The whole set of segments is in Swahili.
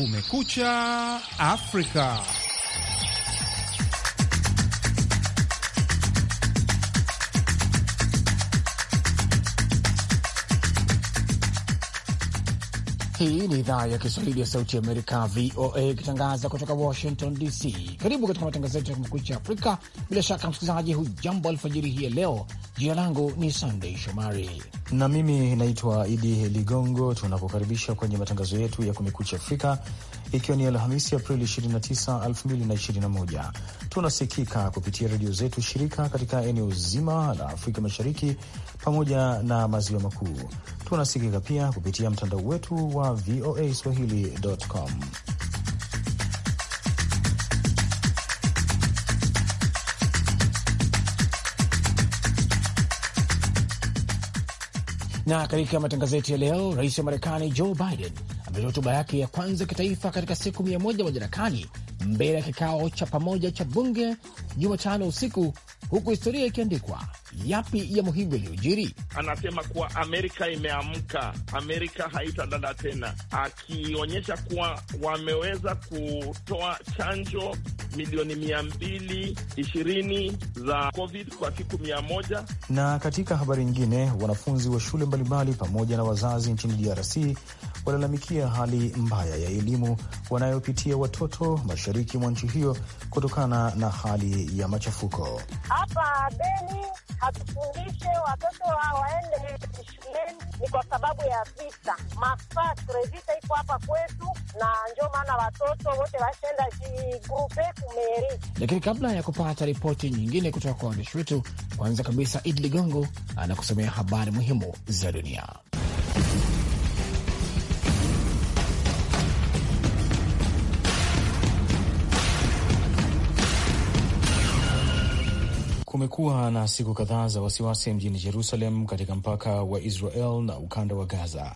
Kumekucha Afrika. Hii ni idhaa ya Kiswahili ya Sauti ya Amerika, VOA, ikitangaza kutoka Washington DC. Karibu katika matangazo yetu ya Kumekucha Afrika. Bila shaka, msikilizaji, hujambo alfajiri hii ya leo Jina langu ni Sandey Shomari na mimi naitwa Idi Ligongo. Tunakukaribisha kwenye matangazo yetu ya Kumekucha Afrika, ikiwa ni Alhamisi Aprili 29, 2021. Tunasikika kupitia redio zetu shirika katika eneo zima la Afrika Mashariki pamoja na maziwa makuu. Tunasikika pia kupitia mtandao wetu wa VOA swahili.com. Na katika matangazo yetu ya leo, rais wa Marekani Joe Biden ametoa hotuba yake ya kwanza kitaifa katika siku mia moja madarakani mbele ya kikao cha pamoja cha bunge Jumatano usiku, huku historia ikiandikwa. Yapi ya muhimu yaliyojiri? anasema kuwa Amerika imeamka, Amerika haitadada tena, akionyesha kuwa wameweza kutoa chanjo milioni mia mbili ishirini za COVID kwa siku mia moja. Na katika habari nyingine, wanafunzi wa shule mbalimbali pamoja na wazazi nchini DRC walalamikia hali mbaya ya elimu wanayopitia watoto mashariki mwa nchi hiyo kutokana na hali ya machafuko. Hapa Beni Hatufundishe watoto wa waende shuleni ni kwa sababu ya vita mafatre. Vita iko hapa kwetu, na njo maana watoto wote washenda jigrupe kumeri. Lakini kabla ya kupata ripoti nyingine kutoka kwa waandishi wetu, kwanza kabisa Idi Ligongo anakusomea habari muhimu za dunia. Kumekuwa na siku kadhaa za wasiwasi mjini Jerusalem katika mpaka wa Israel na ukanda wa Gaza.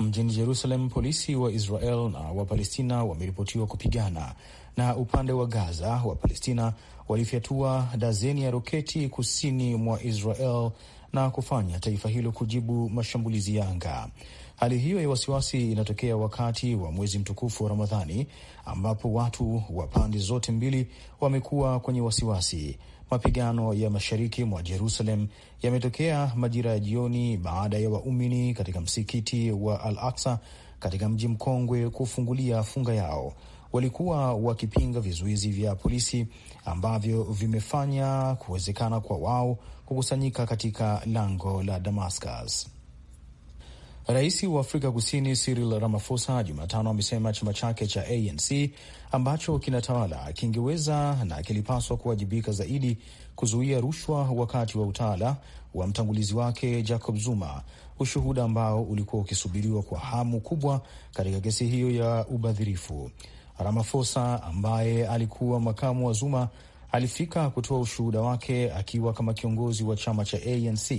Mjini Jerusalem, polisi wa Israel na Wapalestina wameripotiwa kupigana, na upande wa Gaza Wapalestina walifyatua dazeni ya roketi kusini mwa Israel na kufanya taifa hilo kujibu mashambulizi ya anga. Hali hiyo ya wasiwasi inatokea wakati wa mwezi mtukufu wa Ramadhani, ambapo watu wa pande zote mbili wamekuwa kwenye wasiwasi. Mapigano ya mashariki mwa Jerusalem yametokea majira ya jioni baada ya waumini katika msikiti wa Al Aksa katika mji mkongwe kufungulia funga yao. Walikuwa wakipinga vizuizi vya polisi ambavyo vimefanya kuwezekana kwa wao kukusanyika katika lango la Damascus. Rais wa Afrika Kusini Cyril Ramaphosa Jumatano amesema chama chake cha ANC ambacho kinatawala kingeweza na kilipaswa kuwajibika zaidi kuzuia rushwa wakati wa utawala wa mtangulizi wake Jacob Zuma, ushuhuda ambao ulikuwa ukisubiriwa kwa hamu kubwa katika kesi hiyo ya ubadhirifu. Ramaphosa ambaye alikuwa makamu wa Zuma alifika kutoa ushuhuda wake akiwa kama kiongozi wa chama cha ANC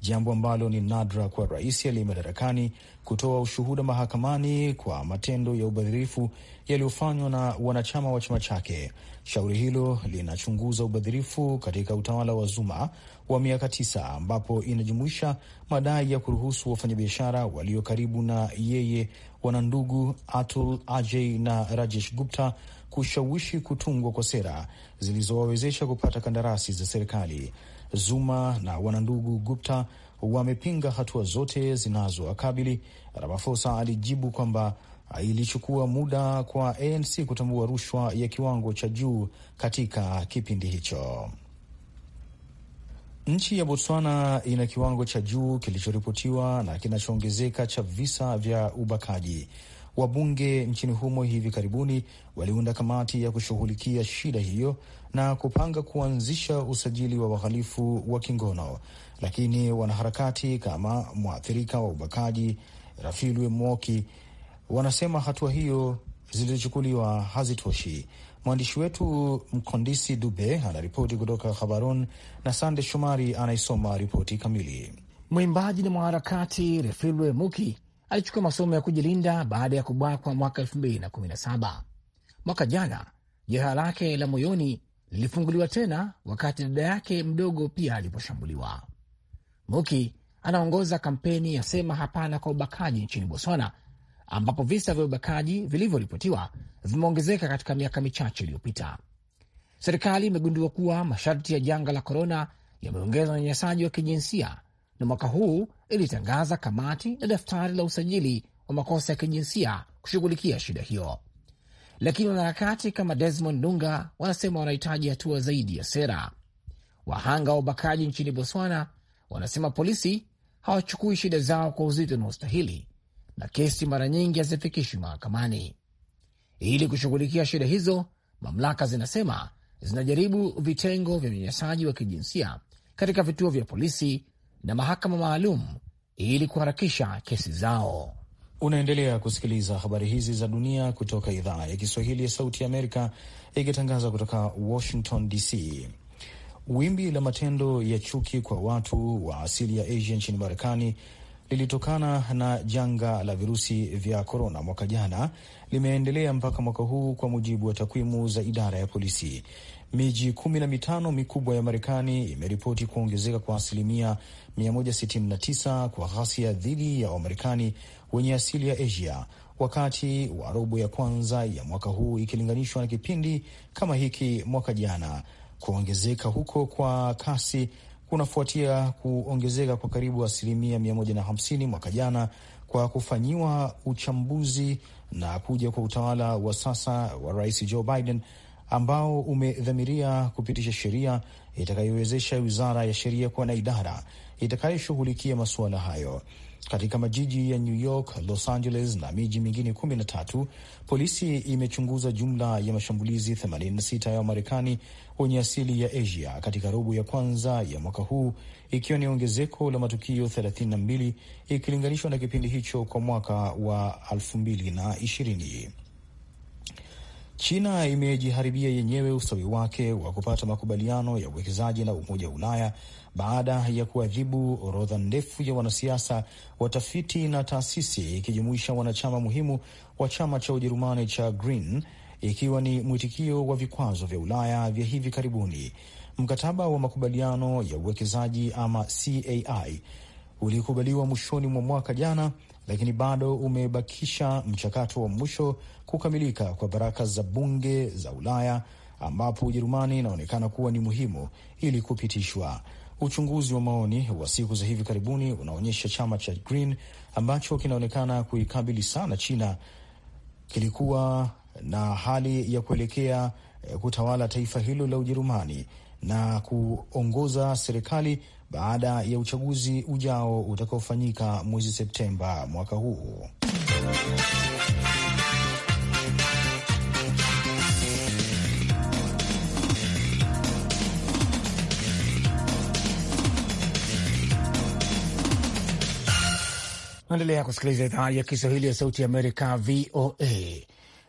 jambo ambalo ni nadra kwa rais aliye madarakani kutoa ushuhuda mahakamani kwa matendo ya ubadhirifu yaliyofanywa na wanachama wa chama chake. Shauri hilo linachunguza ubadhirifu katika utawala wa Zuma wa miaka tisa, ambapo inajumuisha madai ya kuruhusu wafanyabiashara walio karibu na yeye, wana ndugu Atul Ajay na Rajesh Gupta kushawishi kutungwa kwa sera zilizowawezesha kupata kandarasi za serikali. Zuma na wanandugu Gupta wamepinga hatua zote zinazowakabili. Ramaphosa alijibu kwamba ilichukua muda kwa ANC kutambua rushwa ya kiwango cha juu katika kipindi hicho. Nchi ya Botswana ina kiwango cha juu kilichoripotiwa na kinachoongezeka cha visa vya ubakaji. Wabunge nchini humo hivi karibuni waliunda kamati ya kushughulikia shida hiyo na kupanga kuanzisha usajili wa wahalifu wa kingono, lakini wanaharakati kama mwathirika wa ubakaji Rafilwe Mwoki wanasema hatua hiyo zilizochukuliwa hazitoshi. Mwandishi wetu Mkondisi Dube anaripoti kutoka Khabarun na Sande Shomari anaisoma ripoti kamili. Mwimbaji na mwanaharakati Refilwe Muki alichukua masomo ya kujilinda baada ya kubakwa mwaka elfu mbili na kumi na saba. Mwaka jana jeraha lake la moyoni lilifunguliwa tena wakati dada yake mdogo pia aliposhambuliwa. Muki anaongoza kampeni ya sema hapana kwa ubakaji nchini Botswana, ambapo visa vya ubakaji vilivyoripotiwa vimeongezeka katika miaka michache iliyopita. Serikali imegundua kuwa masharti ya janga la korona yameongeza unyanyasaji wa kijinsia, na mwaka huu ilitangaza kamati na daftari la usajili wa makosa ya kijinsia kushughulikia shida hiyo lakini wanaharakati kama Desmond Lunga wanasema wanahitaji hatua zaidi ya sera. Wahanga wa ubakaji nchini Botswana wanasema polisi hawachukui shida zao kwa uzito unaostahili na kesi mara nyingi hazifikishwi mahakamani. Ili kushughulikia shida hizo, mamlaka zinasema zinajaribu vitengo vya unyanyasaji wa kijinsia katika vituo vya polisi na mahakama maalum ili kuharakisha kesi zao. Unaendelea kusikiliza habari hizi za dunia kutoka idhaa ya Kiswahili ya Sauti ya Amerika ikitangaza kutoka Washington DC. Wimbi la matendo ya chuki kwa watu wa asili ya Asia nchini Marekani lilitokana na janga la virusi vya korona mwaka jana limeendelea mpaka mwaka huu, kwa mujibu wa takwimu za idara ya polisi. Miji kumi na mitano mikubwa ya Marekani imeripoti kuongezeka kwa asilimia 169 kwa ghasia dhidi ya Wamarekani wenye asili ya Asia wakati wa robo ya kwanza ya mwaka huu ikilinganishwa na kipindi kama hiki mwaka jana. Kuongezeka huko kwa kasi kunafuatia kuongezeka kwa karibu asilimia 150 mwaka jana kwa kufanyiwa uchambuzi na kuja kwa utawala wa sasa wa Rais Joe Biden ambao umedhamiria kupitisha sheria itakayowezesha wizara ya sheria kuwa na idara itakayoshughulikia masuala hayo katika majiji ya New York, Los Angeles na miji mingine 13. Polisi imechunguza jumla ya mashambulizi 86 ya Wamarekani wenye asili ya Asia katika robo ya kwanza ya mwaka huu, ikiwa ni ongezeko la matukio 32 ikilinganishwa na kipindi hicho kwa mwaka wa 2020. China imejiharibia yenyewe ustawi wake wa kupata makubaliano ya uwekezaji na Umoja wa Ulaya baada ya kuadhibu orodha ndefu ya wanasiasa, watafiti na taasisi ikijumuisha wanachama muhimu wa chama cha Ujerumani cha Green, ikiwa ni mwitikio wa vikwazo vya Ulaya vya hivi karibuni. Mkataba wa makubaliano ya uwekezaji ama CAI ulikubaliwa mwishoni mwa mwaka jana lakini bado umebakisha mchakato wa mwisho kukamilika kwa baraka za bunge za Ulaya ambapo Ujerumani inaonekana kuwa ni muhimu ili kupitishwa. Uchunguzi wa maoni wa siku za hivi karibuni unaonyesha chama cha Green ambacho kinaonekana kuikabili sana China kilikuwa na hali ya kuelekea eh, kutawala taifa hilo la Ujerumani na kuongoza serikali baada ya uchaguzi ujao utakaofanyika mwezi Septemba mwaka huu. Naendelea kusikiliza idhaa ya Kiswahili ya Sauti ya Amerika, VOA.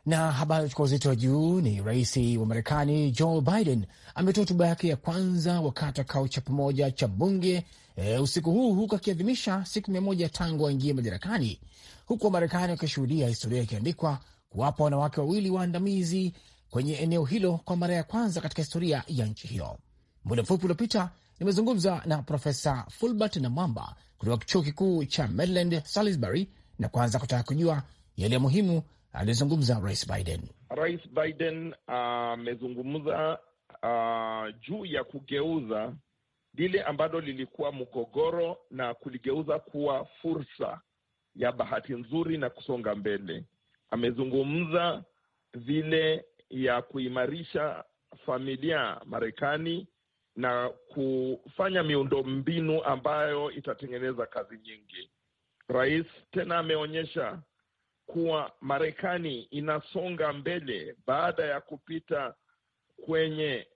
Na habari achukua uzito wa juu ni rais wa Marekani Joe Biden ametoa hotuba yake ya kwanza wakati wa kikao cha pamoja cha bunge e, usiku huu huku akiadhimisha siku mia moja tangu aingie madarakani, huku Wamarekani wakishuhudia historia ikiandikwa kuwapa wanawake wawili waandamizi kwenye eneo hilo kwa mara ya kwanza katika historia ya nchi hiyo. Muda mfupi uliopita nimezungumza na Profesa Fulbert na Mwamba kutoka chuo kikuu cha Maryland Salisbury, na kwanza kutaka kujua yaliyo muhimu alizungumza Rais Biden. Rais Biden ah, amezungumza uh, uh, juu ya kugeuza lile ambalo lilikuwa mgogoro na kuligeuza kuwa fursa ya bahati nzuri na kusonga mbele. Amezungumza vile ya kuimarisha familia Marekani na kufanya miundo mbinu ambayo itatengeneza kazi nyingi. Rais tena ameonyesha kuwa Marekani inasonga mbele baada ya kupita kwenye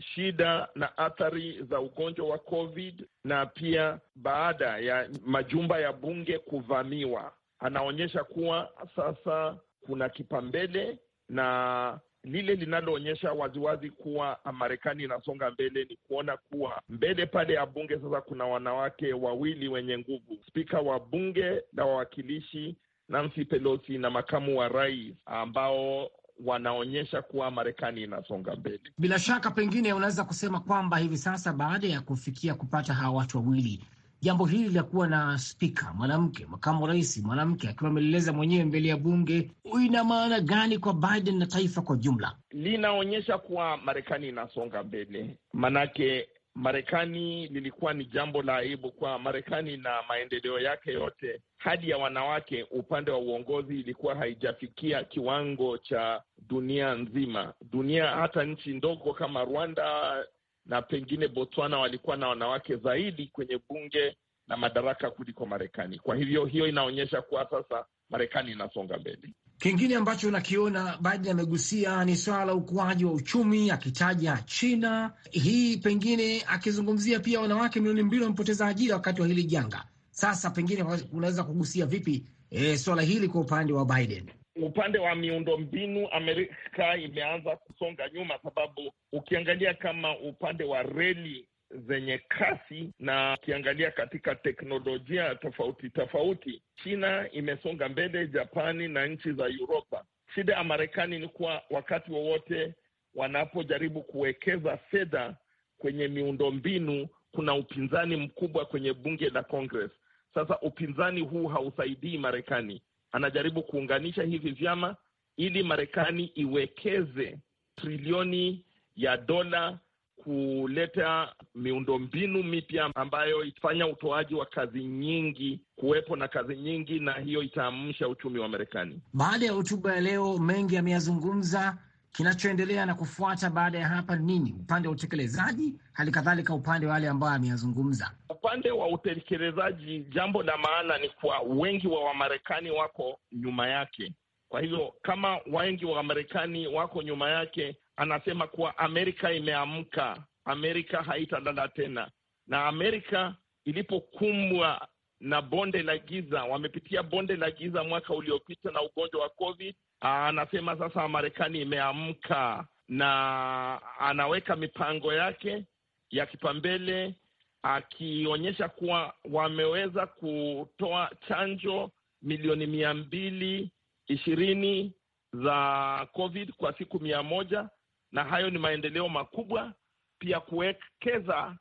shida na athari za ugonjwa wa COVID na pia baada ya majumba ya bunge kuvamiwa. Anaonyesha kuwa sasa kuna kipambele na lile linaloonyesha waziwazi kuwa Marekani inasonga mbele ni kuona kuwa mbele pale ya bunge sasa kuna wanawake wawili wenye nguvu, spika wa bunge la wawakilishi Nancy Pelosi na makamu wa rais ambao wanaonyesha kuwa Marekani inasonga mbele. Bila shaka, pengine unaweza kusema kwamba hivi sasa baada ya kufikia kupata hawa watu wawili, jambo hili la kuwa na spika mwanamke, makamu wa rais mwanamke, akiwa ameleleza mwenyewe mbele ya bunge, ina maana gani kwa Biden na taifa kwa jumla? Linaonyesha kuwa Marekani inasonga mbele, manake Marekani lilikuwa ni jambo la aibu kwa Marekani na maendeleo yake yote, hadi ya wanawake upande wa uongozi ilikuwa haijafikia kiwango cha dunia nzima. Dunia hata nchi ndogo kama Rwanda na pengine Botswana walikuwa na wanawake zaidi kwenye bunge na madaraka kuliko Marekani. Kwa hivyo hiyo inaonyesha kuwa sasa Marekani inasonga mbele. Kingine ambacho nakiona Biden amegusia ni swala la ukuaji wa uchumi, akitaja China hii, pengine akizungumzia pia wanawake milioni mbili wamepoteza ajira wakati wa hili janga. Sasa pengine unaweza kugusia vipi e, swala hili kwa upande wa Biden? Upande wa miundombinu Amerika imeanza kusonga nyuma, sababu ukiangalia kama upande wa reli zenye kasi, na ukiangalia katika teknolojia tofauti tofauti, China imesonga mbele, Japani na nchi za Uropa. Shida ya Marekani ni kuwa wakati wowote wanapojaribu kuwekeza fedha kwenye miundombinu, kuna upinzani mkubwa kwenye bunge la Congress. Sasa upinzani huu hausaidii Marekani, anajaribu kuunganisha hivi vyama ili Marekani iwekeze trilioni ya dola kuleta miundombinu mipya ambayo itafanya utoaji wa kazi nyingi kuwepo na kazi nyingi, na hiyo itaamsha uchumi wa Marekani. Baada ya hotuba ya leo, mengi ameyazungumza. Kinachoendelea na kufuata baada ya hapa nini? Upande wa utekelezaji, hali kadhalika upande wa wale ambao ameyazungumza. Upande wa utekelezaji, jambo la maana ni kwa wengi wa Wamarekani wako nyuma yake. Kwa hivyo kama wengi wa Wamarekani wako nyuma yake, anasema kuwa Amerika imeamka, Amerika haitalala tena. Na Amerika ilipokumbwa na bonde la giza, wamepitia bonde la giza mwaka uliopita na ugonjwa wa COVID. Ah, anasema sasa Marekani imeamka na anaweka mipango yake ya kipambele akionyesha kuwa wameweza kutoa chanjo milioni mia mbili ishirini za COVID kwa siku mia moja na hayo ni maendeleo makubwa. Pia kuwekeza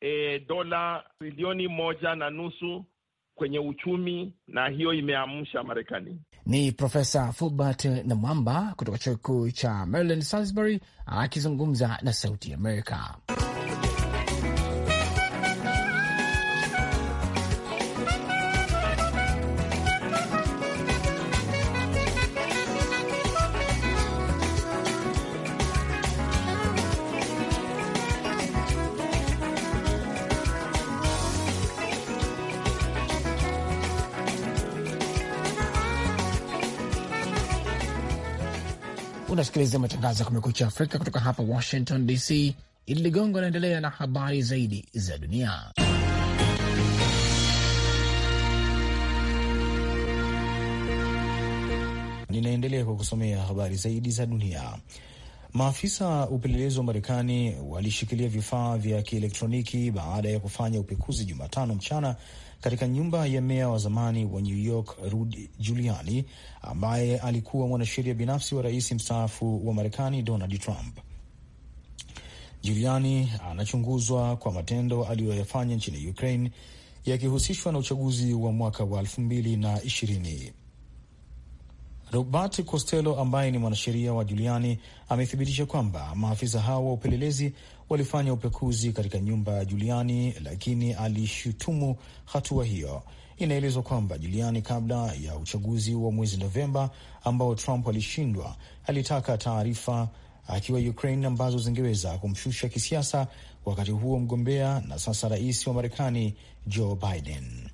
e, dola trilioni moja na nusu kwenye uchumi, na hiyo imeamsha Marekani. Ni Profesa Fulbert Namwamba kutoka chuo kikuu cha Maryland Salisbury akizungumza na Sauti Amerika. Unasikiliza matangazo ya Kumekucha Afrika kutoka hapa Washington DC. Ili Ligongo anaendelea na habari zaidi za dunia. Ninaendelea kwa kusomea habari zaidi za dunia. Maafisa upelelezi wa Marekani walishikilia vifaa vya kielektroniki baada ya kufanya upekuzi Jumatano mchana katika nyumba ya meya wa zamani wa New York Rudy Giuliani, ambaye alikuwa mwanasheria binafsi wa rais mstaafu wa Marekani Donald Trump. Giuliani anachunguzwa kwa matendo aliyoyafanya nchini Ukraine yakihusishwa na uchaguzi wa mwaka wa elfu mbili na ishirini. Robert Costello ambaye ni mwanasheria wa Juliani amethibitisha kwamba maafisa hao wa upelelezi walifanya upekuzi katika nyumba ya Juliani, lakini alishutumu hatua hiyo. Inaelezwa kwamba Juliani, kabla ya uchaguzi wa mwezi Novemba ambao Trump alishindwa, alitaka taarifa akiwa Ukraine ambazo zingeweza kumshusha kisiasa, wakati huo mgombea na sasa rais wa Marekani Joe Biden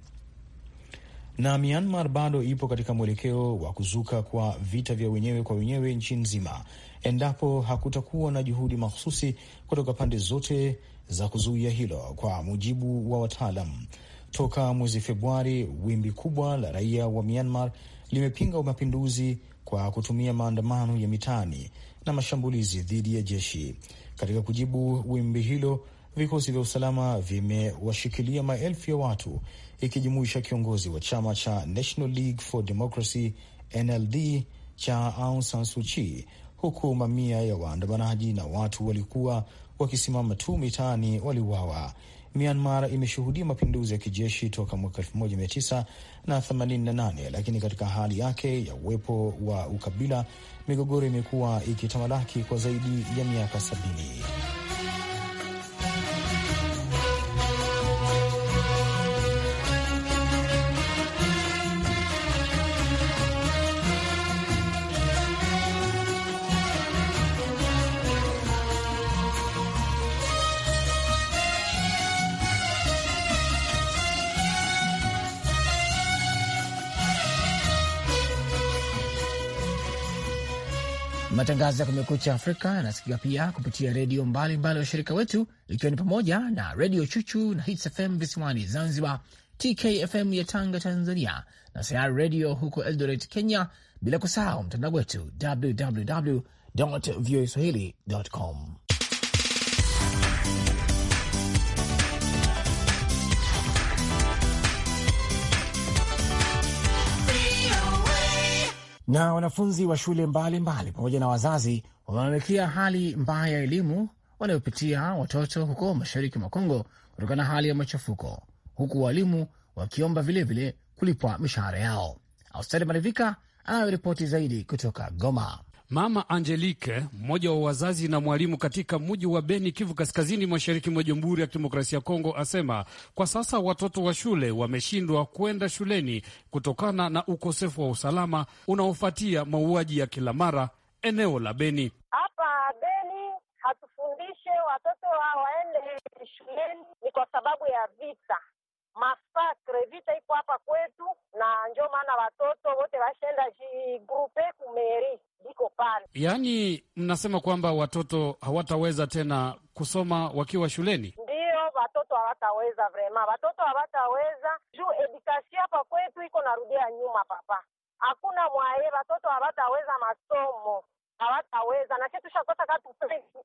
na Myanmar bado ipo katika mwelekeo wa kuzuka kwa vita vya wenyewe kwa wenyewe nchi nzima endapo hakutakuwa na juhudi makhususi kutoka pande zote za kuzuia hilo, kwa mujibu wa wataalam. Toka mwezi Februari, wimbi kubwa la raia wa Myanmar limepinga mapinduzi kwa kutumia maandamano ya mitaani na mashambulizi dhidi ya jeshi. Katika kujibu wimbi hilo, vikosi vya usalama vimewashikilia maelfu ya watu ikijumuisha kiongozi wa chama cha National League for Democracy NLD cha Aung San Suu Kyi, huku mamia ya waandamanaji na watu walikuwa wakisimama tu mitaani waliuawa. Myanmar imeshuhudia mapinduzi ya kijeshi toka mwaka 1988 lakini katika hali yake ya uwepo wa ukabila, migogoro imekuwa ikitamalaki kwa zaidi ya miaka sabini. Matangazo ya Kumekucha Afrika yanasikika pia kupitia redio mbalimbali washirika wetu, ikiwa ni pamoja na Redio Chuchu na Hits FM visiwani Zanzibar, TKFM ya Tanga, Tanzania, na Sayari Redio huko Eldoret, Kenya, bila kusahau mtandao wetu www voa swahilicom com. na wanafunzi wa shule mbalimbali pamoja na wazazi wamelalamikia hali mbaya ya elimu wanayopitia watoto huko mashariki mwa Kongo kutokana na hali ya machafuko, huku walimu wakiomba vilevile kulipwa mishahara yao. austeli Malivika anayo ripoti zaidi kutoka Goma. Mama Angelique, mmoja wa wazazi na mwalimu katika mji wa Beni, Kivu Kaskazini, mashariki mwa Jamhuri ya Kidemokrasia ya Kongo, asema kwa sasa watoto wa shule wameshindwa kwenda shuleni kutokana na ukosefu wa usalama unaofuatia mauaji ya kila mara eneo la Beni. Hapa Beni hatufundishe watoto wa waende shuleni ni kwa sababu ya vita masakre vita iko hapa kwetu, na njo maana watoto wote washenda jigrupe kumeri iko pale. Yaani mnasema kwamba watoto hawataweza tena kusoma wakiwa shuleni? Ndiyo, watoto hawataweza vrema, watoto hawataweza juu edukasi hapa kwetu iko narudia nyuma, papa hakuna mwaye, watoto hawataweza masomo hawataweza na tushakosa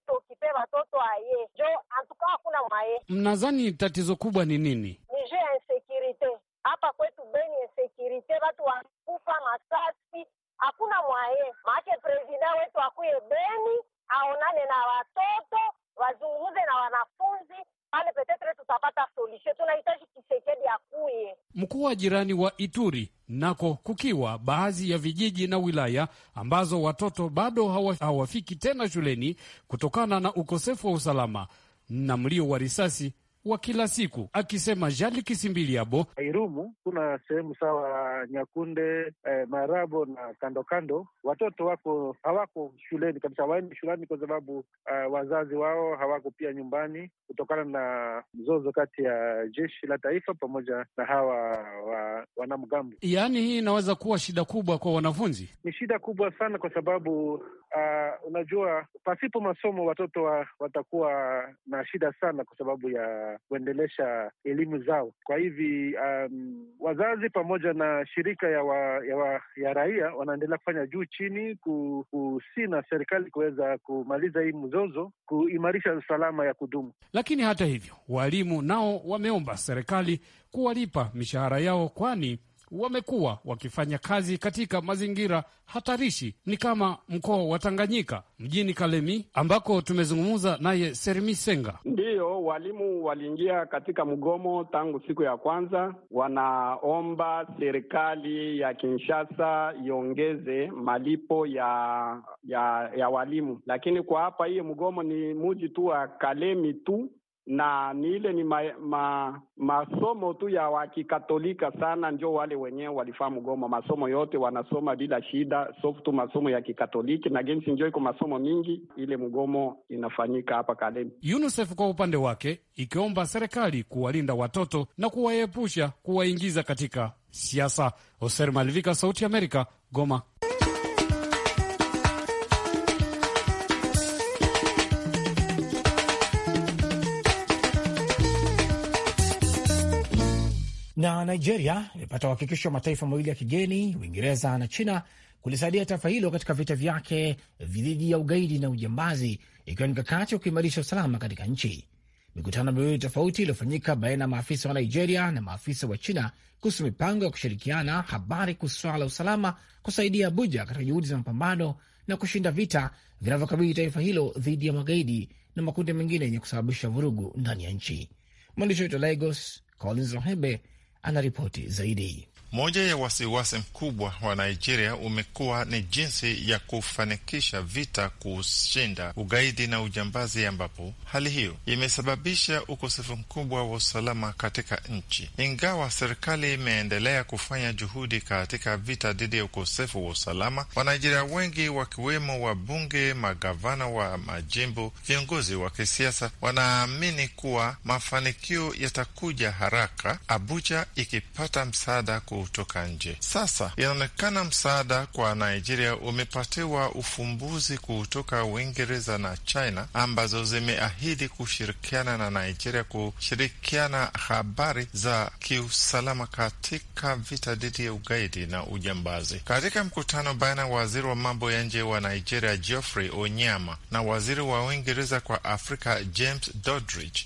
tukipe watoto aye jo antukaa hakuna mwaye. Mnadhani tatizo kubwa ni nini? nije ya insekurite hapa kwetu Beni, insekurite watu wanakufa masasi, hakuna mwaye maake prezida wetu akuye Beni aonane na watoto wazungumze na wanafunzi pale, petetre tutapata solution. Tunahitaji Kisekedi akuye mkuu wa jirani wa Ituri nako kukiwa baadhi ya vijiji na wilaya ambazo watoto bado hawafiki tena shuleni kutokana na ukosefu wa usalama na mlio wa risasi wa kila siku, akisema Jali Kisimbiliabo. Irumu kuna sehemu sawa Nyakunde, eh, Marabo na kando kando, watoto wako hawako shuleni kabisa, hawaendi shuleni kwa sababu uh, wazazi wao hawako pia nyumbani kutokana na mzozo kati ya jeshi la taifa pamoja na hawa wa, wanamgambo. Yaani hii inaweza kuwa shida kubwa kwa wanafunzi, ni shida kubwa sana kwa sababu uh, unajua pasipo masomo watoto wa, watakuwa na shida sana kwa sababu ya kuendelesha elimu zao. Kwa hivi um, wazazi pamoja na shirika ya, wa, ya, wa, ya raia wanaendelea kufanya juu chini kusi na serikali kuweza kumaliza hii mzozo, kuimarisha usalama ya kudumu. Lakini hata hivyo, walimu nao wameomba serikali kuwalipa mishahara yao kwani wamekuwa wakifanya kazi katika mazingira hatarishi. Ni kama mkoa wa Tanganyika mjini Kalemi ambako tumezungumza naye Serimi Senga. Ndiyo, walimu waliingia katika mgomo tangu siku ya kwanza, wanaomba serikali ya Kinshasa iongeze malipo ya, ya, ya walimu, lakini kwa hapa hiyo mgomo ni muji tu wa Kalemi tu na ni ile ni ma, ma, masomo tu ya wakikatolika sana, ndio wale wenyewe walifahamu Goma. Masomo yote wanasoma bila shida, sofu tu masomo ya kikatoliki na gensi, ndio iko masomo mingi ile mgomo inafanyika hapa Kalemi. UNICEF kwa upande wake ikiomba serikali kuwalinda watoto na kuwaepusha kuwaingiza katika siasa. Hoser Malivika, Sauti Amerika, Goma. Na Nigeria imepata uhakikisho wa mataifa mawili ya kigeni, Uingereza na China, kulisaidia taifa hilo katika vita vyake dhidi ya ugaidi na ujambazi, ikiwa ni mkakati wa kuimarisha usalama katika nchi. Mikutano miwili tofauti iliyofanyika baina ya maafisa wa Nigeria na maafisa wa China kuhusu mipango ya kushirikiana habari kuhusu swala la usalama kusaidia Abuja katika juhudi za mapambano na kushinda vita vinavyokabili taifa hilo dhidi ya magaidi na makundi mengine yenye kusababisha vurugu ndani ya nchi. Mwandishi wetu Lagos, Collins Lahebe anaripoti zaidi. Moja ya wasiwasi mkubwa wa Nigeria umekuwa ni jinsi ya kufanikisha vita kushinda ugaidi na ujambazi, ambapo hali hiyo imesababisha ukosefu mkubwa wa usalama katika nchi. Ingawa serikali imeendelea kufanya juhudi katika vita dhidi ya ukosefu wa usalama, Wanigeria wengi wakiwemo wabunge, magavana wa majimbo, viongozi wa kisiasa, wanaamini kuwa mafanikio yatakuja haraka Abuja ikipata msaada ku kutoka nje. Sasa inaonekana msaada kwa Nigeria umepatiwa ufumbuzi kutoka Uingereza na China ambazo zimeahidi kushirikiana na Nigeria kushirikiana habari za kiusalama katika vita dhidi ya ugaidi na ujambazi. Katika mkutano baina waziri wa mambo ya nje wa Nigeria Geoffrey Onyama na waziri wa Uingereza kwa Afrika James Dodridge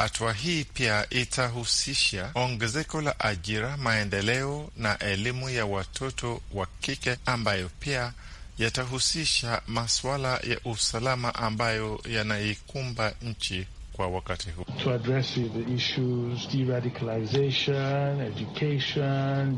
Hatua hii pia itahusisha ongezeko la ajira, maendeleo na elimu ya watoto wa kike ambayo pia yatahusisha masuala ya usalama ambayo yanaikumba nchi kwa wakati huu to address the issues deradicalization education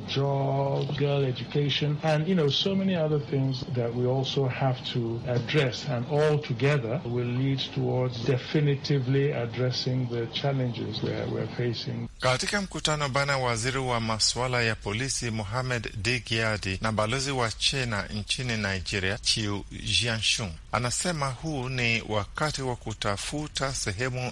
girl education and you know so many other things that we also have to address and all together will lead towards definitively addressing the challenges we are, we are facing. Katika mkutano bana, waziri wa masuala ya polisi Mohamed Digiadi na balozi wa China nchini Nigeria Chiu Jianshun anasema huu ni wakati wa kutafuta sehemu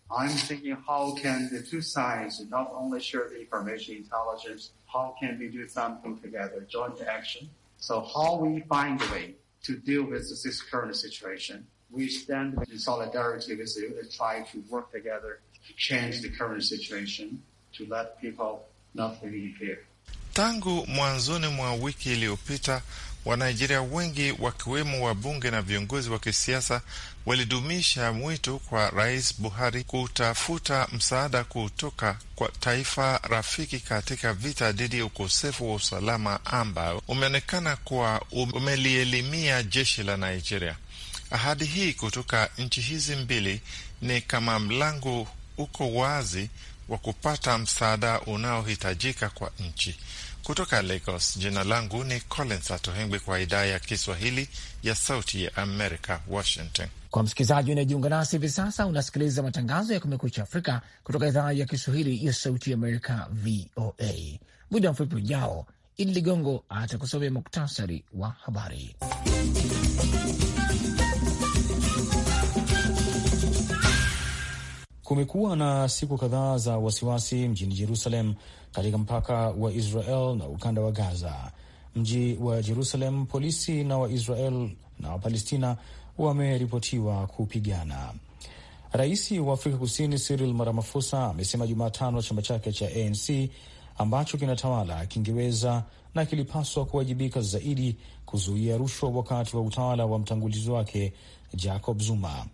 I'm thinking how can the two sides not only share the information intelligence, how can we do something together, joint action? So how we find a way to deal with this current situation. We stand in solidarity with you and try to work together to change the current situation to let people not living in fear. Tangu mwanzoni mwa wiki iliyopita Wanaijeria wengi wakiwemo wabunge na viongozi wa kisiasa walidumisha mwito kwa Rais Buhari kutafuta msaada kutoka kwa taifa rafiki katika vita dhidi ya ukosefu wa usalama ambao umeonekana kuwa umelielimia jeshi la Nigeria. Ahadi hii kutoka nchi hizi mbili ni kama mlango uko wazi wa kupata msaada unaohitajika kwa nchi. Kutoka Lagos, jina langu ni Collins Atohengwi kwa idhaa ya Kiswahili ya Sauti ya Amerika, Washington. Kwa msikilizaji unayejiunga nasi hivi sasa, unasikiliza matangazo ya Kumekucha Afrika kutoka idhaa ya Kiswahili ya Sauti ya Amerika, VOA. Muda mfupi ujao, Idi Ligongo atakusomea muktasari wa habari. Kumekuwa na siku kadhaa za wasiwasi mjini Jerusalem katika mpaka wa Israel na ukanda wa Gaza. Mji wa Jerusalem, polisi na Waisrael na Wapalestina wameripotiwa kupigana. Rais wa Afrika Kusini Cyril Ramaphosa amesema Jumatano chama chake cha ANC ambacho kinatawala kingeweza na kilipaswa kuwajibika zaidi kuzuia rushwa wakati wa utawala wa mtangulizi wake Jacob Zuma.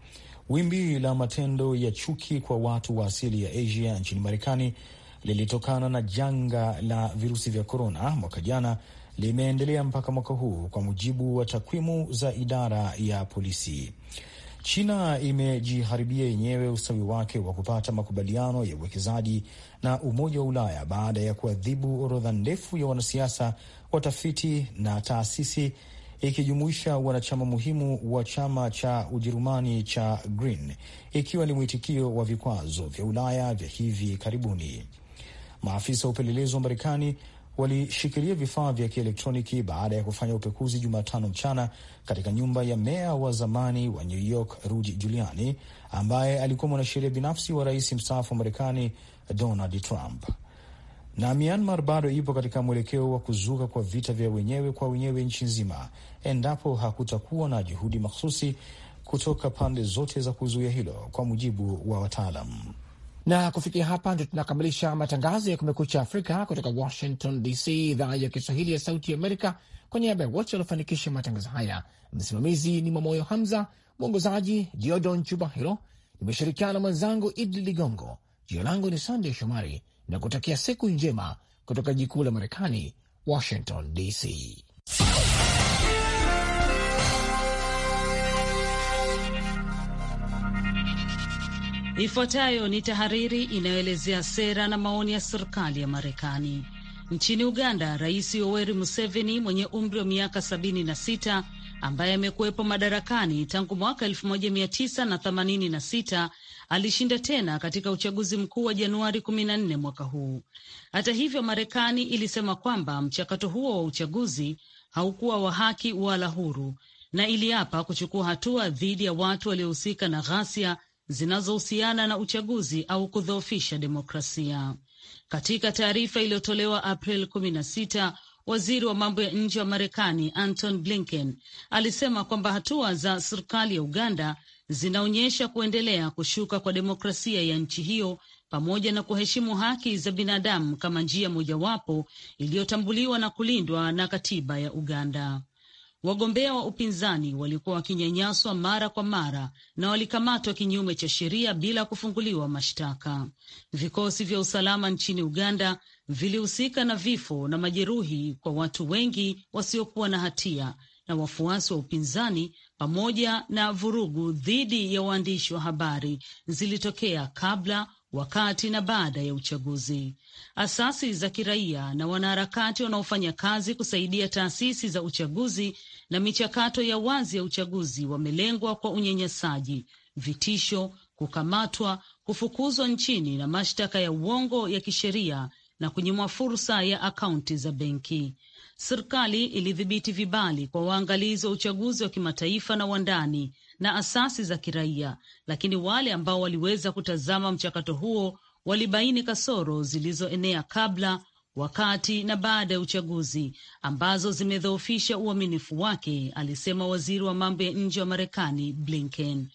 Wimbi la matendo ya chuki kwa watu wa asili ya Asia nchini Marekani lilitokana na janga la virusi vya korona mwaka jana limeendelea mpaka mwaka huu kwa mujibu wa takwimu za idara ya polisi. China imejiharibia yenyewe ustawi wake wa kupata makubaliano ya uwekezaji na Umoja wa Ulaya baada ya kuadhibu orodha ndefu ya wanasiasa, watafiti na taasisi ikijumuisha wanachama muhimu wa chama cha Ujerumani cha Green, ikiwa ni mwitikio wa vikwazo vya Ulaya vya hivi karibuni. Maafisa wa upelelezi wa Marekani walishikilia vifaa vya kielektroniki baada ya kufanya upekuzi Jumatano mchana katika nyumba ya meya wa zamani wa New York Rudy Giuliani, ambaye alikuwa mwanasheria binafsi wa rais mstaafu wa Marekani Donald Trump na Myanmar bado ipo katika mwelekeo wa kuzuka kwa vita vya wenyewe kwa wenyewe nchi nzima endapo hakutakuwa na juhudi mahsusi kutoka pande zote za kuzuia hilo, kwa mujibu wa wataalam. Na kufikia hapa ndio tunakamilisha matangazo ya Kumekucha Afrika kutoka Washington DC, idhaa ya Kiswahili ya Sauti Amerika. Kwa niaba ya wote waliofanikisha matangazo haya, msimamizi ni Mamoyo Hamza, mwongozaji Diodon Chubahiro, nimeshirikiana na mwenzangu Idi Ligongo. Jina langu ni Sandey Shomari na kutakia siku njema kutoka jikuu la Marekani, Washington DC. Ifuatayo ni tahariri inayoelezea sera na maoni ya serikali ya Marekani. Nchini Uganda, Rais Yoweri Museveni mwenye umri wa miaka 76 ambaye amekuwepo madarakani tangu mwaka 1986 alishinda tena katika uchaguzi mkuu wa Januari 14 mwaka huu. Hata hivyo, Marekani ilisema kwamba mchakato huo wa uchaguzi haukuwa wa haki wala huru na iliapa kuchukua hatua dhidi ya watu waliohusika na ghasia zinazohusiana na uchaguzi au kudhoofisha demokrasia. Katika taarifa iliyotolewa April 16, waziri wa mambo ya nje wa Marekani Anton Blinken alisema kwamba hatua za serikali ya Uganda zinaonyesha kuendelea kushuka kwa demokrasia ya nchi hiyo pamoja na kuheshimu haki za binadamu kama njia mojawapo iliyotambuliwa na kulindwa na katiba ya Uganda. Wagombea wa upinzani walikuwa wakinyanyaswa mara kwa mara na walikamatwa kinyume cha sheria bila kufunguliwa mashtaka. Vikosi vya usalama nchini Uganda vilihusika na vifo na majeruhi kwa watu wengi wasiokuwa na hatia na wafuasi wa upinzani pamoja na vurugu dhidi ya waandishi wa habari zilitokea kabla, wakati na baada ya uchaguzi. Asasi za kiraia na wanaharakati wanaofanya kazi kusaidia taasisi za uchaguzi na michakato ya wazi ya uchaguzi wamelengwa kwa unyanyasaji, vitisho, kukamatwa, kufukuzwa nchini na mashtaka ya uongo ya kisheria na kunyimwa fursa ya akaunti za benki. Serikali ilidhibiti vibali kwa waangalizi wa uchaguzi wa kimataifa na wa ndani na asasi za kiraia, lakini wale ambao waliweza kutazama mchakato huo walibaini kasoro zilizoenea kabla, wakati na baada ya uchaguzi ambazo zimedhoofisha uaminifu wake, alisema waziri wa mambo ya nje wa Marekani Blinken.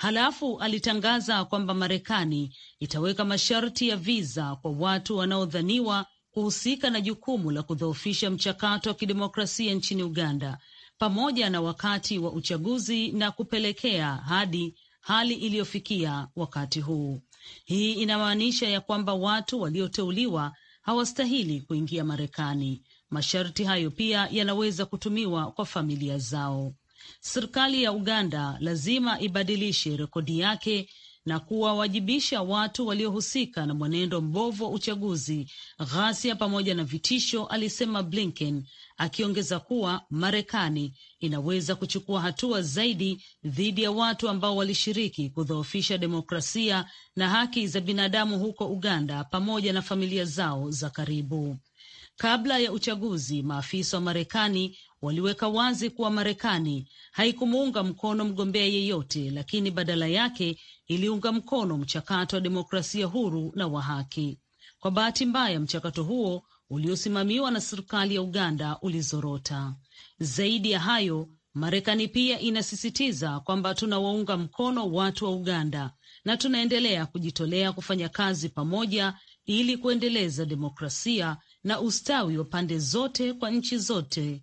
Halafu alitangaza kwamba Marekani itaweka masharti ya viza kwa watu wanaodhaniwa kuhusika na jukumu la kudhoofisha mchakato wa kidemokrasia nchini Uganda pamoja na wakati wa uchaguzi na kupelekea hadi hali iliyofikia wakati huu. Hii inamaanisha ya kwamba watu walioteuliwa hawastahili kuingia Marekani. Masharti hayo pia yanaweza kutumiwa kwa familia zao. Serikali ya Uganda lazima ibadilishe rekodi yake na kuwawajibisha watu waliohusika na mwenendo mbovu wa uchaguzi, ghasia pamoja na vitisho, alisema Blinken, akiongeza kuwa Marekani inaweza kuchukua hatua zaidi dhidi ya watu ambao walishiriki kudhoofisha demokrasia na haki za binadamu huko Uganda pamoja na familia zao za karibu. Kabla ya uchaguzi, maafisa wa Marekani waliweka wazi kuwa Marekani haikumuunga mkono mgombea yeyote, lakini badala yake iliunga mkono mchakato wa demokrasia huru na wa haki. Kwa bahati mbaya, mchakato huo uliosimamiwa na serikali ya Uganda ulizorota. Zaidi ya hayo, Marekani pia inasisitiza kwamba tunawaunga mkono watu wa Uganda na tunaendelea kujitolea kufanya kazi pamoja ili kuendeleza demokrasia na ustawi wa pande zote kwa nchi zote